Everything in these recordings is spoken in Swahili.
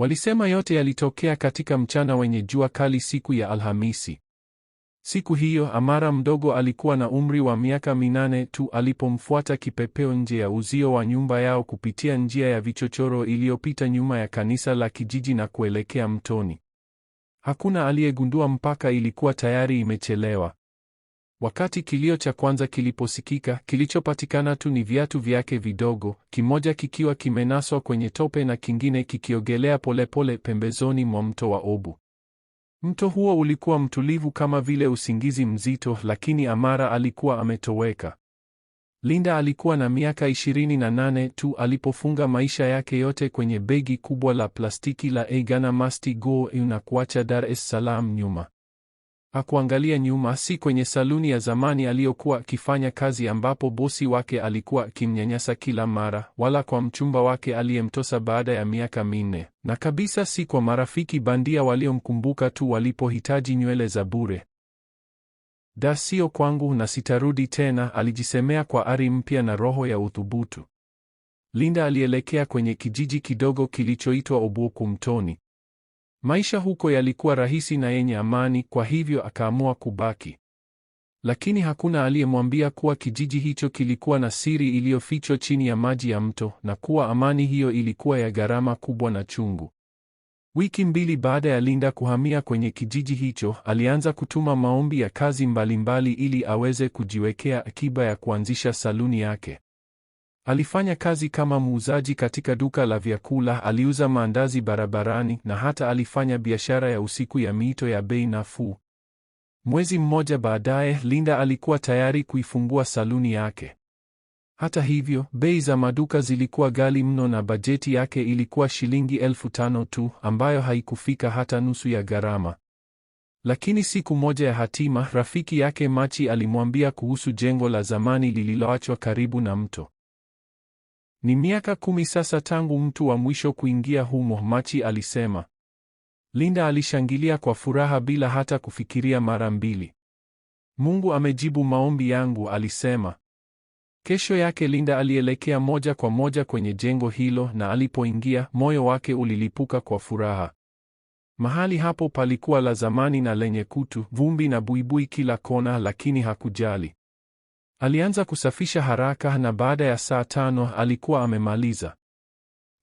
Walisema yote yalitokea katika mchana wenye jua kali siku ya Alhamisi. Siku hiyo Amara mdogo alikuwa na umri wa miaka minane tu alipomfuata kipepeo nje ya uzio wa nyumba yao kupitia njia ya vichochoro iliyopita nyuma ya kanisa la kijiji na kuelekea mtoni. Hakuna aliyegundua mpaka ilikuwa tayari imechelewa. Wakati kilio cha kwanza kiliposikika, kilichopatikana tu ni viatu vyake vidogo, kimoja kikiwa kimenaswa kwenye tope na kingine kikiogelea polepole pembezoni mwa mto wa Obu. Mto huo ulikuwa mtulivu kama vile usingizi mzito, lakini Amara alikuwa ametoweka. Linda alikuwa na miaka ishirini na nane tu alipofunga maisha yake yote kwenye begi kubwa la plastiki la Egana Masti Go na kuacha Dar es Salaam nyuma. Hakuangalia nyuma, si kwenye saluni ya zamani aliyokuwa akifanya kazi, ambapo bosi wake alikuwa akimnyanyasa kila mara, wala kwa mchumba wake aliyemtosa baada ya miaka minne, na kabisa si kwa marafiki bandia waliomkumbuka tu walipohitaji nywele za bure. Da, sio kwangu na sitarudi tena, alijisemea kwa ari mpya na roho ya uthubutu. Linda alielekea kwenye kijiji kidogo kilichoitwa Obuoku Mtoni. Maisha huko yalikuwa rahisi na yenye amani, kwa hivyo akaamua kubaki. Lakini hakuna aliyemwambia kuwa kijiji hicho kilikuwa na siri iliyofichwa chini ya maji ya mto na kuwa amani hiyo ilikuwa ya gharama kubwa na chungu. Wiki mbili baada ya Linda kuhamia kwenye kijiji hicho, alianza kutuma maombi ya kazi mbalimbali ili aweze kujiwekea akiba ya kuanzisha saluni yake. Alifanya kazi kama muuzaji katika duka la vyakula, aliuza maandazi barabarani na hata alifanya biashara ya usiku ya miito ya bei nafuu. Mwezi mmoja baadaye, Linda alikuwa tayari kuifungua saluni yake. Hata hivyo, bei za maduka zilikuwa ghali mno na bajeti yake ilikuwa shilingi elfu tano tu ambayo haikufika hata nusu ya gharama. Lakini siku moja ya hatima, rafiki yake Machi alimwambia kuhusu jengo la zamani lililoachwa karibu na mto. Ni miaka kumi sasa tangu mtu wa mwisho kuingia humo, Machi alisema. Linda alishangilia kwa furaha bila hata kufikiria mara mbili. Mungu amejibu maombi yangu, alisema. Kesho yake Linda alielekea moja kwa moja kwenye jengo hilo na alipoingia, moyo wake ulilipuka kwa furaha. Mahali hapo palikuwa la zamani na lenye kutu, vumbi na buibui kila kona, lakini hakujali. Alianza kusafisha haraka na baada ya saa tano alikuwa amemaliza.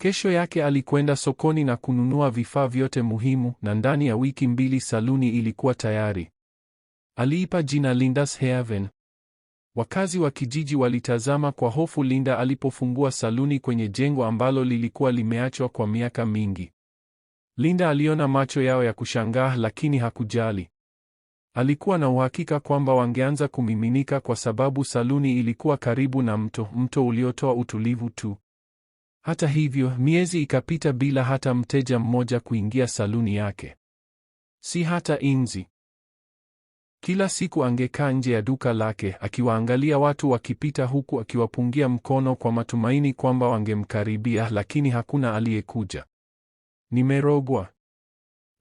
Kesho yake alikwenda sokoni na kununua vifaa vyote muhimu na ndani ya wiki mbili saluni ilikuwa tayari. Aliipa jina Linda's Haven. Wakazi wa kijiji walitazama kwa hofu Linda alipofungua saluni kwenye jengo ambalo lilikuwa limeachwa kwa miaka mingi. Linda aliona macho yao ya kushangaa lakini hakujali. Alikuwa na uhakika kwamba wangeanza kumiminika kwa sababu saluni ilikuwa karibu na mto, mto uliotoa utulivu tu. Hata hivyo, miezi ikapita bila hata mteja mmoja kuingia saluni yake. Si hata inzi. Kila siku angekaa nje ya duka lake akiwaangalia watu wakipita huku akiwapungia mkono kwa matumaini kwamba wangemkaribia, lakini hakuna aliyekuja. Nimerogwa.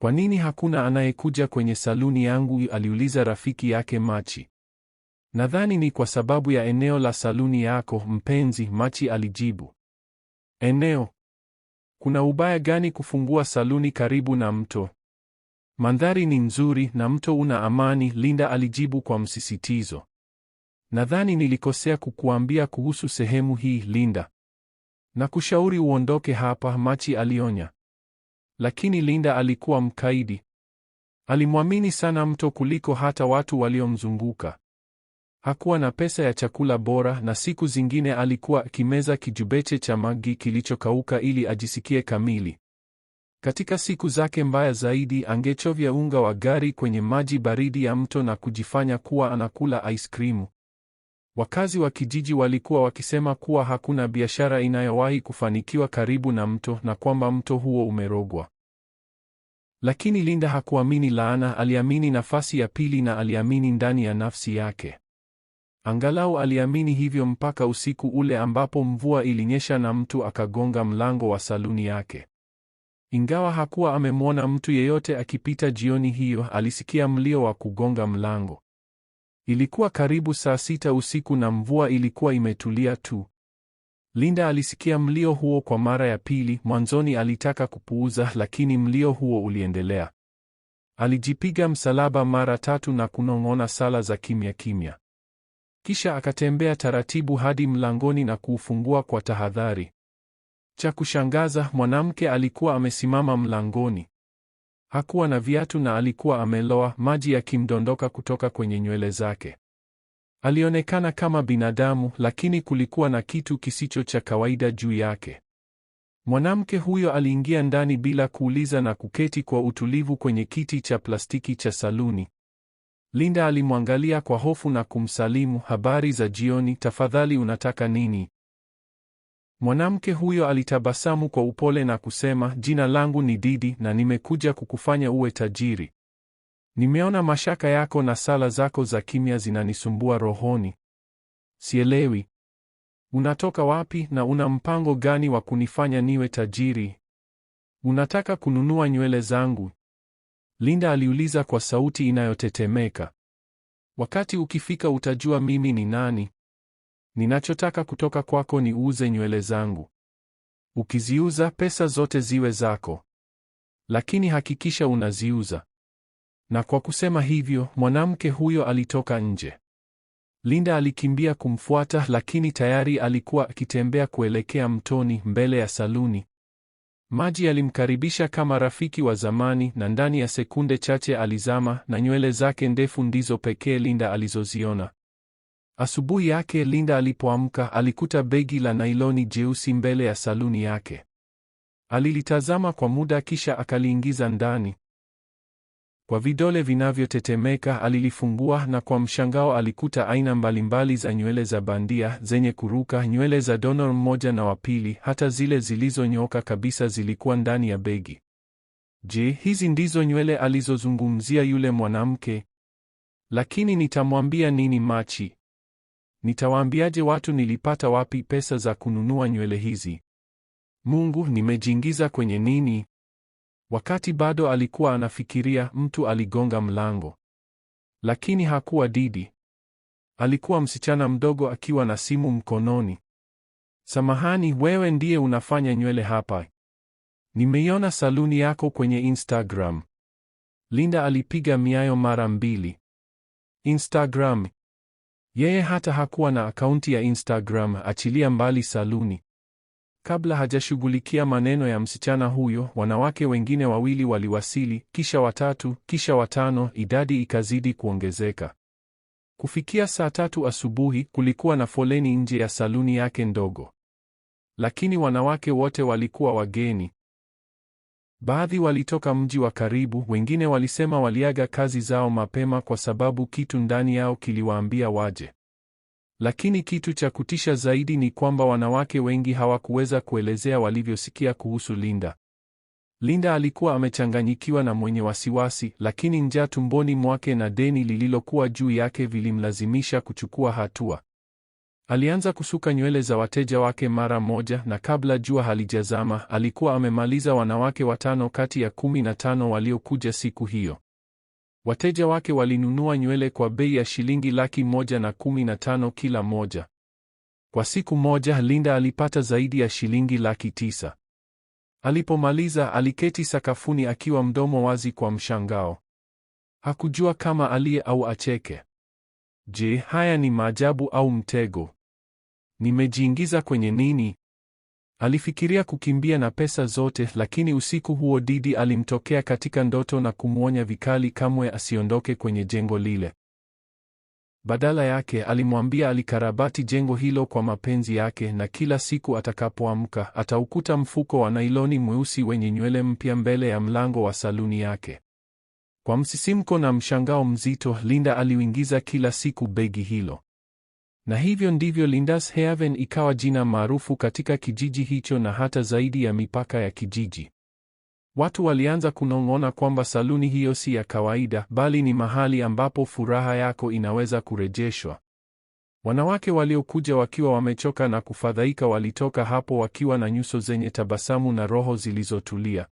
Kwa nini hakuna anayekuja kwenye saluni yangu? aliuliza rafiki yake Machi. Nadhani ni kwa sababu ya eneo la saluni yako mpenzi, Machi alijibu. Eneo? Kuna ubaya gani kufungua saluni karibu na mto? Mandhari ni nzuri na mto una amani, Linda alijibu kwa msisitizo. Nadhani nilikosea kukuambia kuhusu sehemu hii, Linda. Nakushauri uondoke hapa, Machi alionya. Lakini Linda alikuwa mkaidi. Alimwamini sana mto kuliko hata watu waliomzunguka. Hakuwa na pesa ya chakula bora na siku zingine alikuwa akimeza kijubeche cha magi kilichokauka ili ajisikie kamili. Katika siku zake mbaya zaidi, angechovya unga wa gari kwenye maji baridi ya mto na kujifanya kuwa anakula aiskrimu. Wakazi wa kijiji walikuwa wakisema kuwa hakuna biashara inayowahi kufanikiwa karibu na mto na kwamba mto huo umerogwa. Lakini Linda hakuamini laana, aliamini nafasi ya pili na aliamini ndani ya nafsi yake. Angalau aliamini hivyo mpaka usiku ule ambapo mvua ilinyesha na mtu akagonga mlango wa saluni yake. Ingawa hakuwa amemwona mtu yeyote akipita jioni hiyo, alisikia mlio wa kugonga mlango. Ilikuwa karibu saa sita usiku na mvua ilikuwa imetulia tu. Linda alisikia mlio huo kwa mara ya pili. Mwanzoni alitaka kupuuza, lakini mlio huo uliendelea. Alijipiga msalaba mara tatu na kunong'ona sala za kimya kimya. Kisha akatembea taratibu hadi mlangoni na kuufungua kwa tahadhari. Cha kushangaza, mwanamke alikuwa amesimama mlangoni. Hakuwa na viatu na alikuwa ameloa, maji yakimdondoka kutoka kwenye nywele zake. Alionekana kama binadamu, lakini kulikuwa na kitu kisicho cha kawaida juu yake. Mwanamke huyo aliingia ndani bila kuuliza na kuketi kwa utulivu kwenye kiti cha plastiki cha saluni. Linda alimwangalia kwa hofu na kumsalimu, habari za jioni, tafadhali unataka nini? Mwanamke huyo alitabasamu kwa upole na kusema, jina langu ni Didi na nimekuja kukufanya uwe tajiri. Nimeona mashaka yako na sala zako za kimya zinanisumbua rohoni. Sielewi unatoka wapi na una mpango gani wa kunifanya niwe tajiri. Unataka kununua nywele zangu? Linda aliuliza kwa sauti inayotetemeka. Wakati ukifika utajua mimi ni nani. Ninachotaka kutoka kwako ni uuze nywele zangu. Ukiziuza pesa zote ziwe zako, lakini hakikisha unaziuza. Na kwa kusema hivyo, mwanamke huyo alitoka nje. Linda alikimbia kumfuata, lakini tayari alikuwa akitembea kuelekea mtoni mbele ya saluni. Maji yalimkaribisha kama rafiki wa zamani, na ndani ya sekunde chache alizama, na nywele zake ndefu ndizo pekee Linda alizoziona. Asubuhi yake Linda alipoamka alikuta begi la nailoni jeusi mbele ya saluni yake. Alilitazama kwa muda kisha akaliingiza ndani. Kwa vidole vinavyotetemeka alilifungua na kwa mshangao alikuta aina mbalimbali za nywele za bandia zenye kuruka, nywele za Donor mmoja na wa pili, hata zile zilizonyoka kabisa zilikuwa ndani ya begi. Je, hizi ndizo nywele alizozungumzia yule mwanamke? Lakini nitamwambia nini Machi? Nitawaambiaje watu nilipata wapi pesa za kununua nywele hizi? Mungu, nimejiingiza kwenye nini? Wakati bado alikuwa anafikiria, mtu aligonga mlango. Lakini hakuwa Didi. Alikuwa msichana mdogo akiwa na simu mkononi. Samahani, wewe ndiye unafanya nywele hapa? Nimeiona saluni yako kwenye Instagram. Linda alipiga miayo mara mbili. Instagram yeye hata hakuwa na akaunti ya Instagram, achilia mbali saluni. Kabla hajashughulikia maneno ya msichana huyo, wanawake wengine wawili waliwasili, kisha watatu, kisha watano, idadi ikazidi kuongezeka. Kufikia saa tatu asubuhi, kulikuwa na foleni nje ya saluni yake ndogo, lakini wanawake wote walikuwa wageni. Baadhi walitoka mji wa karibu, wengine walisema waliaga kazi zao mapema kwa sababu kitu ndani yao kiliwaambia waje. Lakini kitu cha kutisha zaidi ni kwamba wanawake wengi hawakuweza kuelezea walivyosikia kuhusu Linda. Linda alikuwa amechanganyikiwa na mwenye wasiwasi, lakini njaa tumboni mwake na deni lililokuwa juu yake vilimlazimisha kuchukua hatua. Alianza kusuka nywele za wateja wake mara moja, na kabla jua halijazama alikuwa amemaliza wanawake watano kati ya kumi na tano waliokuja siku hiyo. Wateja wake walinunua nywele kwa bei ya shilingi laki moja na kumi na tano kila moja. Kwa siku moja Linda alipata zaidi ya shilingi laki tisa. Alipomaliza aliketi sakafuni akiwa mdomo wazi kwa mshangao. Hakujua kama alie au acheke. Je, haya ni maajabu au mtego? Nimejiingiza kwenye nini? Alifikiria kukimbia na pesa zote, lakini usiku huo Didi alimtokea katika ndoto na kumwonya vikali kamwe asiondoke kwenye jengo lile. Badala yake alimwambia alikarabati jengo hilo kwa mapenzi yake, na kila siku atakapoamka ataukuta mfuko wa nailoni mweusi wenye nywele mpya mbele ya mlango wa saluni yake. Kwa msisimko na mshangao mzito, Linda aliuingiza kila siku begi hilo. Na hivyo ndivyo Linda's Haven ikawa jina maarufu katika kijiji hicho na hata zaidi ya mipaka ya kijiji. Watu walianza kunong'ona kwamba saluni hiyo si ya kawaida, bali ni mahali ambapo furaha yako inaweza kurejeshwa. Wanawake waliokuja wakiwa wamechoka na kufadhaika walitoka hapo wakiwa na nyuso zenye tabasamu na roho zilizotulia.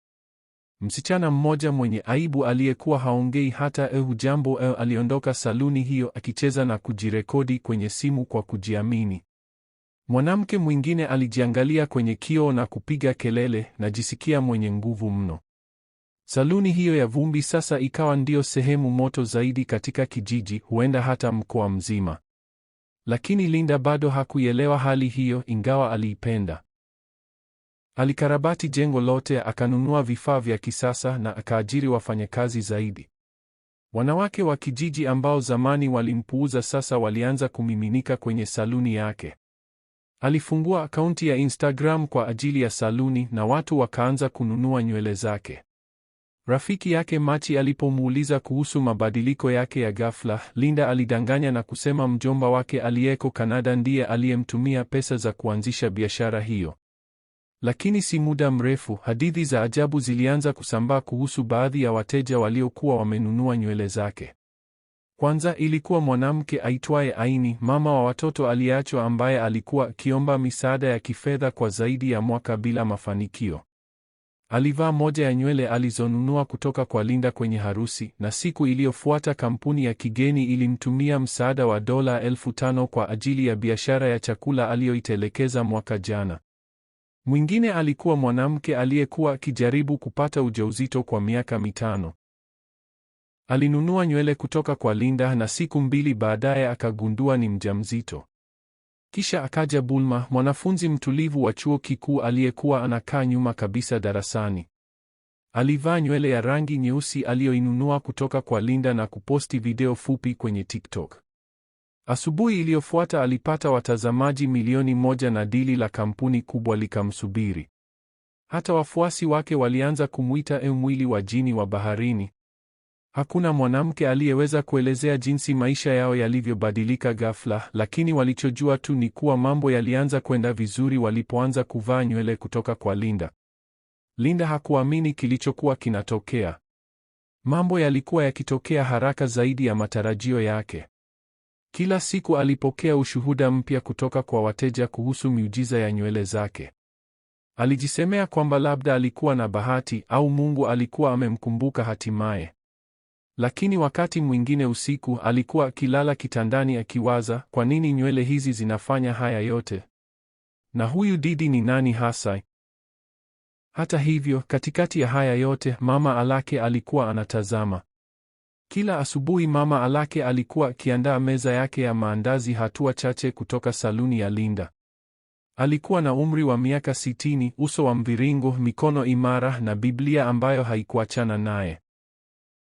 Msichana mmoja mwenye aibu aliyekuwa haongei hata ehu jambo ehu aliondoka saluni hiyo akicheza na kujirekodi kwenye simu kwa kujiamini. Mwanamke mwingine alijiangalia kwenye kioo na kupiga kelele, najisikia mwenye nguvu mno. Saluni hiyo ya vumbi sasa ikawa ndiyo sehemu moto zaidi katika kijiji, huenda hata mkoa mzima. Lakini Linda bado hakuielewa hali hiyo, ingawa aliipenda. Alikarabati jengo lote, akanunua vifaa vya kisasa na akaajiri wafanyakazi zaidi. Wanawake wa kijiji ambao zamani walimpuuza sasa walianza kumiminika kwenye saluni yake. Alifungua akaunti ya Instagram kwa ajili ya saluni na watu wakaanza kununua nywele zake. Rafiki yake Machi alipomuuliza kuhusu mabadiliko yake ya ghafla, Linda alidanganya na kusema mjomba wake aliyeko Kanada ndiye aliyemtumia pesa za kuanzisha biashara hiyo. Lakini si muda mrefu, hadithi za ajabu zilianza kusambaa kuhusu baadhi ya wateja waliokuwa wamenunua nywele zake. Kwanza ilikuwa mwanamke aitwaye Aini, mama wa watoto aliyeachwa, ambaye alikuwa akiomba misaada ya kifedha kwa zaidi ya mwaka bila mafanikio. Alivaa moja ya nywele alizonunua kutoka kwa Linda kwenye harusi, na siku iliyofuata kampuni ya kigeni ilimtumia msaada wa dola elfu tano kwa ajili ya biashara ya chakula aliyoitelekeza mwaka jana. Mwingine alikuwa mwanamke aliyekuwa akijaribu kupata ujauzito kwa miaka mitano. Alinunua nywele kutoka kwa Linda na siku mbili baadaye akagundua ni mjamzito. Kisha akaja Bulma, mwanafunzi mtulivu wa chuo kikuu aliyekuwa anakaa nyuma kabisa darasani. Alivaa nywele ya rangi nyeusi aliyoinunua kutoka kwa Linda na kuposti video fupi kwenye TikTok. Asubuhi iliyofuata alipata watazamaji milioni moja na dili la kampuni kubwa likamsubiri. Hata wafuasi wake walianza kumwita e, mwili wa jini wa baharini. Hakuna mwanamke aliyeweza kuelezea jinsi maisha yao yalivyobadilika ghafla, lakini walichojua tu ni kuwa mambo yalianza kwenda vizuri walipoanza kuvaa nywele kutoka kwa Linda. Linda hakuamini kilichokuwa kinatokea. Mambo yalikuwa yakitokea haraka zaidi ya matarajio yake. Kila siku alipokea ushuhuda mpya kutoka kwa wateja kuhusu miujiza ya nywele zake. Alijisemea kwamba labda alikuwa na bahati au Mungu alikuwa amemkumbuka hatimaye. Lakini wakati mwingine usiku alikuwa akilala kitandani akiwaza, kwa nini nywele hizi zinafanya haya yote? Na huyu Didi ni nani hasa? Hata hivyo, katikati ya haya yote, Mama Alake alikuwa anatazama. Kila asubuhi mama Alake alikuwa akiandaa meza yake ya maandazi hatua chache kutoka saluni ya Linda. Alikuwa na umri wa miaka sitini, uso wa mviringo, mikono imara na Biblia ambayo haikuachana naye.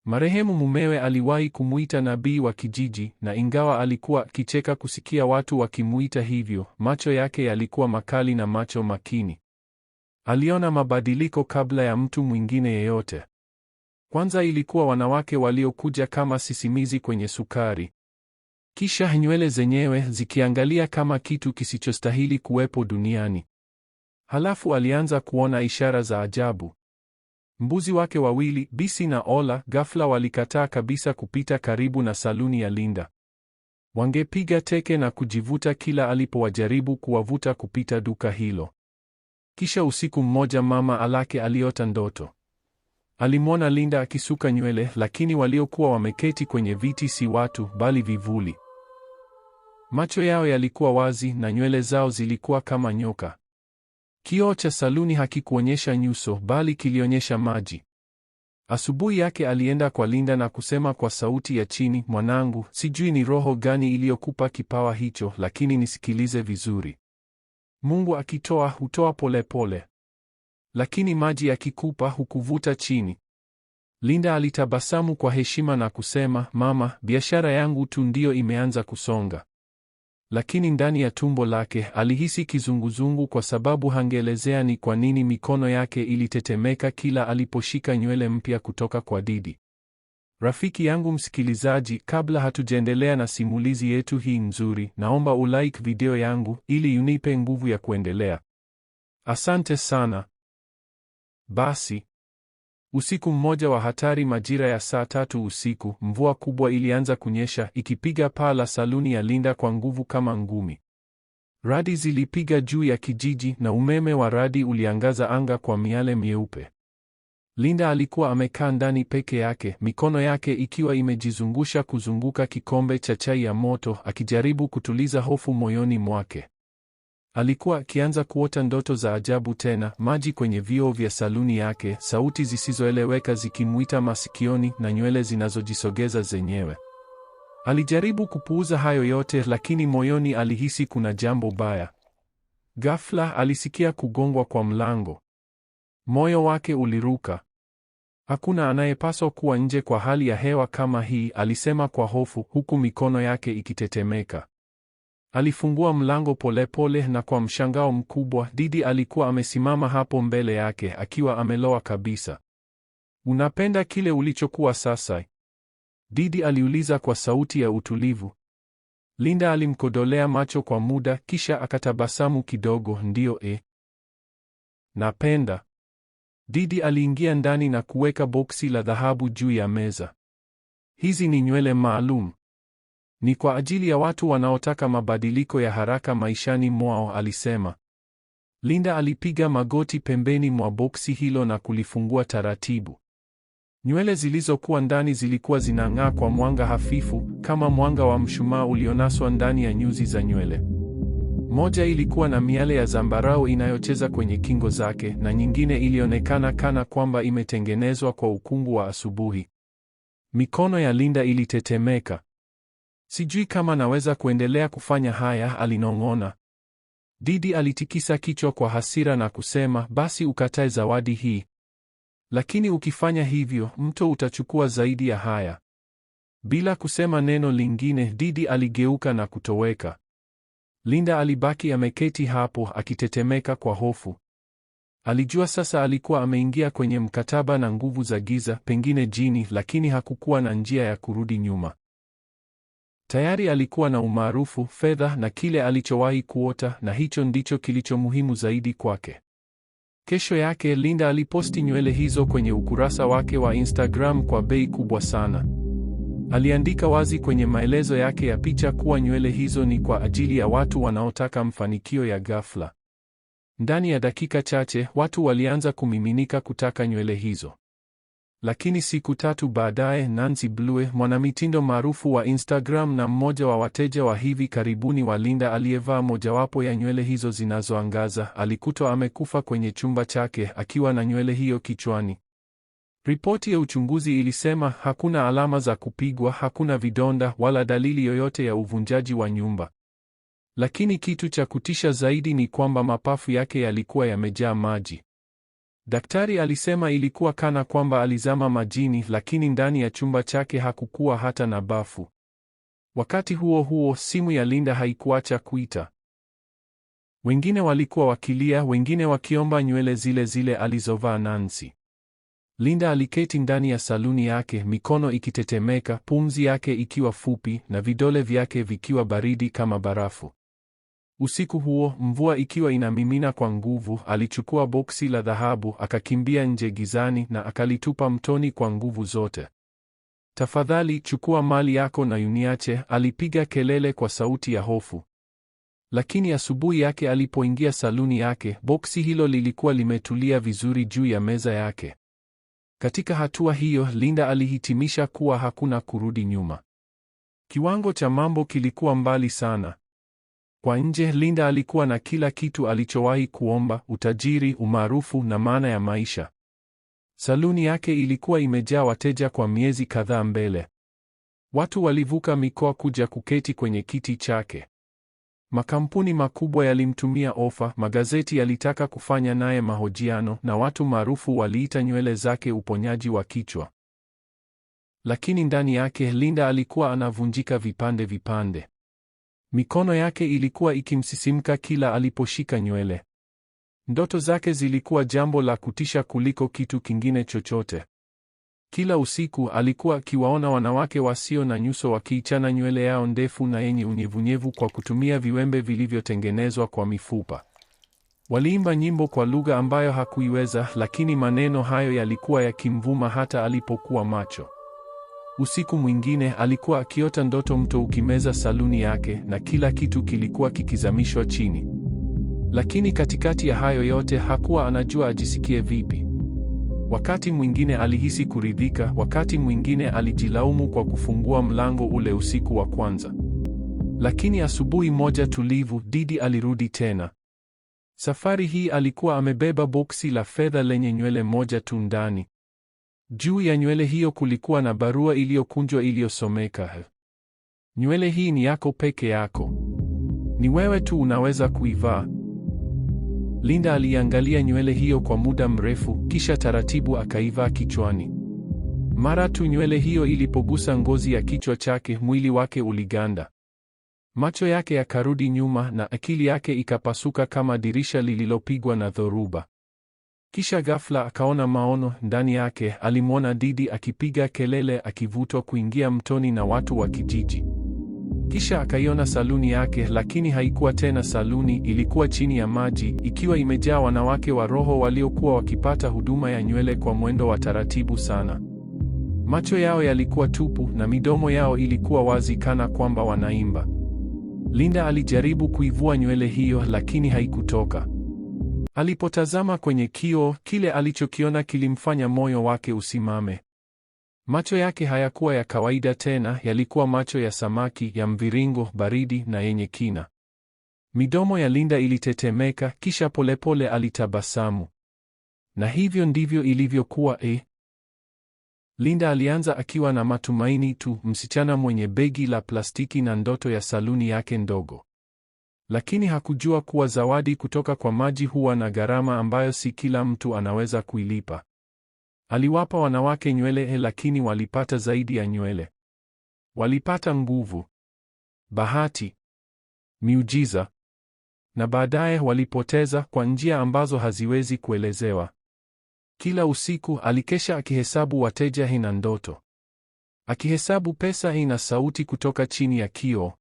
Marehemu mumewe aliwahi kumuita nabii wa kijiji, na ingawa alikuwa akicheka kusikia watu wakimuita hivyo, macho yake yalikuwa makali na macho makini. Aliona mabadiliko kabla ya mtu mwingine yeyote. Kwanza ilikuwa wanawake waliokuja kama sisimizi kwenye sukari, kisha nywele zenyewe zikiangalia kama kitu kisichostahili kuwepo duniani. Halafu alianza kuona ishara za ajabu. Mbuzi wake wawili Bisi na Ola ghafla walikataa kabisa kupita karibu na saluni ya Linda. Wangepiga teke na kujivuta kila alipowajaribu kuwavuta kupita duka hilo. Kisha usiku mmoja mama Alake aliota ndoto Alimwona Linda akisuka nywele, lakini waliokuwa wameketi kwenye viti si watu bali vivuli. Macho yao yalikuwa wazi na nywele zao zilikuwa kama nyoka. Kioo cha saluni hakikuonyesha nyuso bali kilionyesha maji. Asubuhi yake alienda kwa Linda na kusema kwa sauti ya chini, mwanangu, sijui ni roho gani iliyokupa kipawa hicho, lakini nisikilize vizuri. Mungu akitoa hutoa polepole pole lakini maji yakikupa hukuvuta chini. Linda alitabasamu kwa heshima na kusema, mama, biashara yangu tu ndiyo imeanza kusonga. Lakini ndani ya tumbo lake alihisi kizunguzungu, kwa sababu hangeelezea ni kwa nini mikono yake ilitetemeka kila aliposhika nywele mpya kutoka kwa Didi. Rafiki yangu msikilizaji, kabla hatujaendelea na simulizi yetu hii nzuri, naomba ulike video yangu ili unipe nguvu ya kuendelea. Asante sana. Basi usiku mmoja wa hatari, majira ya saa tatu usiku, mvua kubwa ilianza kunyesha ikipiga paa la saluni ya Linda kwa nguvu kama ngumi. Radi zilipiga juu ya kijiji na umeme wa radi uliangaza anga kwa miale myeupe. Linda alikuwa amekaa ndani peke yake, mikono yake ikiwa imejizungusha kuzunguka kikombe cha chai ya moto, akijaribu kutuliza hofu moyoni mwake. Alikuwa akianza kuota ndoto za ajabu tena, maji kwenye vioo vya saluni yake, sauti zisizoeleweka zikimwita masikioni na nywele zinazojisogeza zenyewe. Alijaribu kupuuza hayo yote, lakini moyoni alihisi kuna jambo baya. Ghafla alisikia kugongwa kwa mlango. Moyo wake uliruka. Hakuna anayepaswa kuwa nje kwa hali ya hewa kama hii, alisema kwa hofu, huku mikono yake ikitetemeka. Alifungua mlango polepole pole, na kwa mshangao mkubwa Didi alikuwa amesimama hapo mbele yake akiwa ameloa kabisa. Unapenda kile ulichokuwa sasa? Didi aliuliza kwa sauti ya utulivu. Linda alimkodolea macho kwa muda kisha akatabasamu kidogo. Ndiyo, e, napenda. Didi aliingia ndani na kuweka boksi la dhahabu juu ya meza. Hizi ni nywele maalum. Ni kwa ajili ya watu wanaotaka mabadiliko ya haraka maishani mwao, alisema. Linda alipiga magoti pembeni mwa boksi hilo na kulifungua taratibu. Nywele zilizokuwa ndani zilikuwa zinang'aa kwa mwanga hafifu, kama mwanga wa mshumaa ulionaswa ndani ya nyuzi za nywele. Moja ilikuwa na miale ya zambarau inayocheza kwenye kingo zake na nyingine ilionekana kana kwamba imetengenezwa kwa ukungu wa asubuhi. Mikono ya Linda ilitetemeka. Sijui kama naweza kuendelea kufanya haya, alinong'ona. Didi alitikisa kichwa kwa hasira na kusema, basi ukatae zawadi hii, lakini ukifanya hivyo mto utachukua zaidi ya haya. Bila kusema neno lingine, Didi aligeuka na kutoweka. Linda alibaki ameketi hapo akitetemeka kwa hofu. Alijua sasa alikuwa ameingia kwenye mkataba na nguvu za giza, pengine jini, lakini hakukuwa na njia ya kurudi nyuma. Tayari alikuwa na umaarufu, fedha na kile alichowahi kuota, na hicho ndicho kilicho muhimu zaidi kwake. Kesho yake Linda aliposti nywele hizo kwenye ukurasa wake wa Instagram kwa bei kubwa sana. Aliandika wazi kwenye maelezo yake ya picha kuwa nywele hizo ni kwa ajili ya watu wanaotaka mafanikio ya ghafla. Ndani ya dakika chache, watu walianza kumiminika kutaka nywele hizo. Lakini siku tatu baadaye, Nancy Blue, mwanamitindo maarufu wa Instagram na mmoja wa wateja wa hivi karibuni wa Linda aliyevaa mojawapo ya nywele hizo zinazoangaza, alikutwa amekufa kwenye chumba chake akiwa na nywele hiyo kichwani. Ripoti ya uchunguzi ilisema hakuna alama za kupigwa, hakuna vidonda wala dalili yoyote ya uvunjaji wa nyumba. Lakini kitu cha kutisha zaidi ni kwamba mapafu yake yalikuwa yamejaa maji. Daktari alisema ilikuwa kana kwamba alizama majini, lakini ndani ya chumba chake hakukuwa hata na bafu. Wakati huo huo, simu ya Linda haikuacha kuita. Wengine walikuwa wakilia, wengine wakiomba nywele zile zile alizovaa Nancy. Linda aliketi ndani ya saluni yake, mikono ikitetemeka, pumzi yake ikiwa fupi na vidole vyake vikiwa baridi kama barafu. Usiku huo, mvua ikiwa inamimina kwa nguvu, alichukua boksi la dhahabu akakimbia nje gizani na akalitupa mtoni kwa nguvu zote. Tafadhali chukua mali yako na uniache, alipiga kelele kwa sauti ya hofu. Lakini asubuhi yake alipoingia saluni yake, boksi hilo lilikuwa limetulia vizuri juu ya meza yake. Katika hatua hiyo, Linda alihitimisha kuwa hakuna kurudi nyuma. Kiwango cha mambo kilikuwa mbali sana. Kwa nje, Linda alikuwa na kila kitu alichowahi kuomba: utajiri, umaarufu na maana ya maisha. Saluni yake ilikuwa imejaa wateja kwa miezi kadhaa mbele. Watu walivuka mikoa kuja kuketi kwenye kiti chake. Makampuni makubwa yalimtumia ofa, magazeti yalitaka kufanya naye mahojiano na watu maarufu waliita nywele zake uponyaji wa kichwa. Lakini ndani yake Linda alikuwa anavunjika vipande vipande. Mikono yake ilikuwa ikimsisimka kila aliposhika nywele. Ndoto zake zilikuwa jambo la kutisha kuliko kitu kingine chochote. Kila usiku alikuwa akiwaona wanawake wasio na nyuso wakiichana nywele yao ndefu na yenye unyevunyevu kwa kutumia viwembe vilivyotengenezwa kwa mifupa. Waliimba nyimbo kwa lugha ambayo hakuiweza, lakini maneno hayo yalikuwa yakimvuma hata alipokuwa macho. Usiku mwingine alikuwa akiota ndoto mto ukimeza saluni yake na kila kitu kilikuwa kikizamishwa chini. Lakini katikati ya hayo yote hakuwa anajua ajisikie vipi. Wakati mwingine alihisi kuridhika, wakati mwingine alijilaumu kwa kufungua mlango ule usiku wa kwanza. Lakini asubuhi moja tulivu, Didi alirudi tena. Safari hii alikuwa amebeba boksi la fedha lenye nywele moja tu ndani. Juu ya nywele hiyo kulikuwa na barua iliyokunjwa iliyosomeka, nywele hii ni yako peke yako, ni wewe tu unaweza kuivaa. Linda aliangalia nywele hiyo kwa muda mrefu, kisha taratibu akaivaa kichwani. Mara tu nywele hiyo ilipogusa ngozi ya kichwa chake, mwili wake uliganda, macho yake yakarudi nyuma, na akili yake ikapasuka kama dirisha lililopigwa na dhoruba. Kisha ghafla akaona maono. Ndani yake alimwona Didi akipiga kelele, akivutwa kuingia mtoni na watu wa kijiji. Kisha akaiona saluni yake, lakini haikuwa tena saluni, ilikuwa chini ya maji, ikiwa imejaa wanawake wa roho waliokuwa wakipata huduma ya nywele kwa mwendo wa taratibu sana. Macho yao yalikuwa tupu na midomo yao ilikuwa wazi, kana kwamba wanaimba. Linda alijaribu kuivua nywele hiyo, lakini haikutoka. Alipotazama kwenye kio kile alichokiona kilimfanya moyo wake usimame. Macho yake hayakuwa ya kawaida tena, yalikuwa macho ya samaki, ya mviringo, baridi na yenye kina. Midomo ya Linda ilitetemeka, kisha polepole alitabasamu. Na hivyo ndivyo ilivyokuwa eh. Linda alianza akiwa na matumaini tu, msichana mwenye begi la plastiki na ndoto ya saluni yake ndogo. Lakini hakujua kuwa zawadi kutoka kwa maji huwa na gharama ambayo si kila mtu anaweza kuilipa. Aliwapa wanawake nywele, lakini walipata zaidi ya nywele. Walipata nguvu, bahati, miujiza, na baadaye walipoteza kwa njia ambazo haziwezi kuelezewa. Kila usiku alikesha akihesabu wateja hina ndoto, akihesabu pesa ina sauti kutoka chini ya kioo.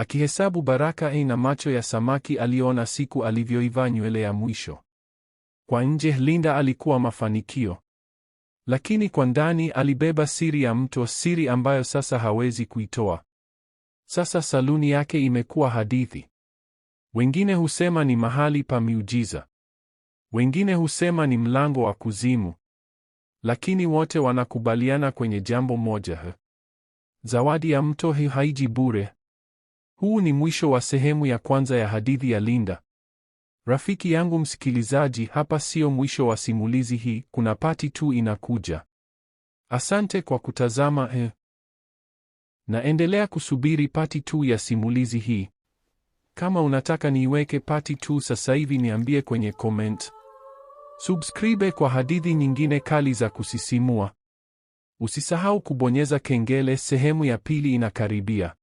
Akihesabu baraka e, na macho ya samaki aliona siku alivyoiva nywele ya mwisho. Kwa nje Linda alikuwa mafanikio, lakini kwa ndani alibeba siri ya mto, siri ambayo sasa hawezi kuitoa. Sasa saluni yake imekuwa hadithi. Wengine husema ni mahali pa miujiza, wengine husema ni mlango wa kuzimu, lakini wote wanakubaliana kwenye jambo moja: zawadi ya mto haiji bure. Huu ni mwisho wa sehemu ya kwanza ya hadithi ya Linda. Rafiki yangu msikilizaji, hapa sio mwisho wa simulizi hii, kuna pati tu inakuja. Asante kwa kutazama eh. Naendelea kusubiri pati tu ya simulizi hii. Kama unataka niiweke pati tu sasa hivi, niambie kwenye comment. Subscribe kwa hadithi nyingine kali za kusisimua. Usisahau kubonyeza kengele, sehemu ya pili inakaribia.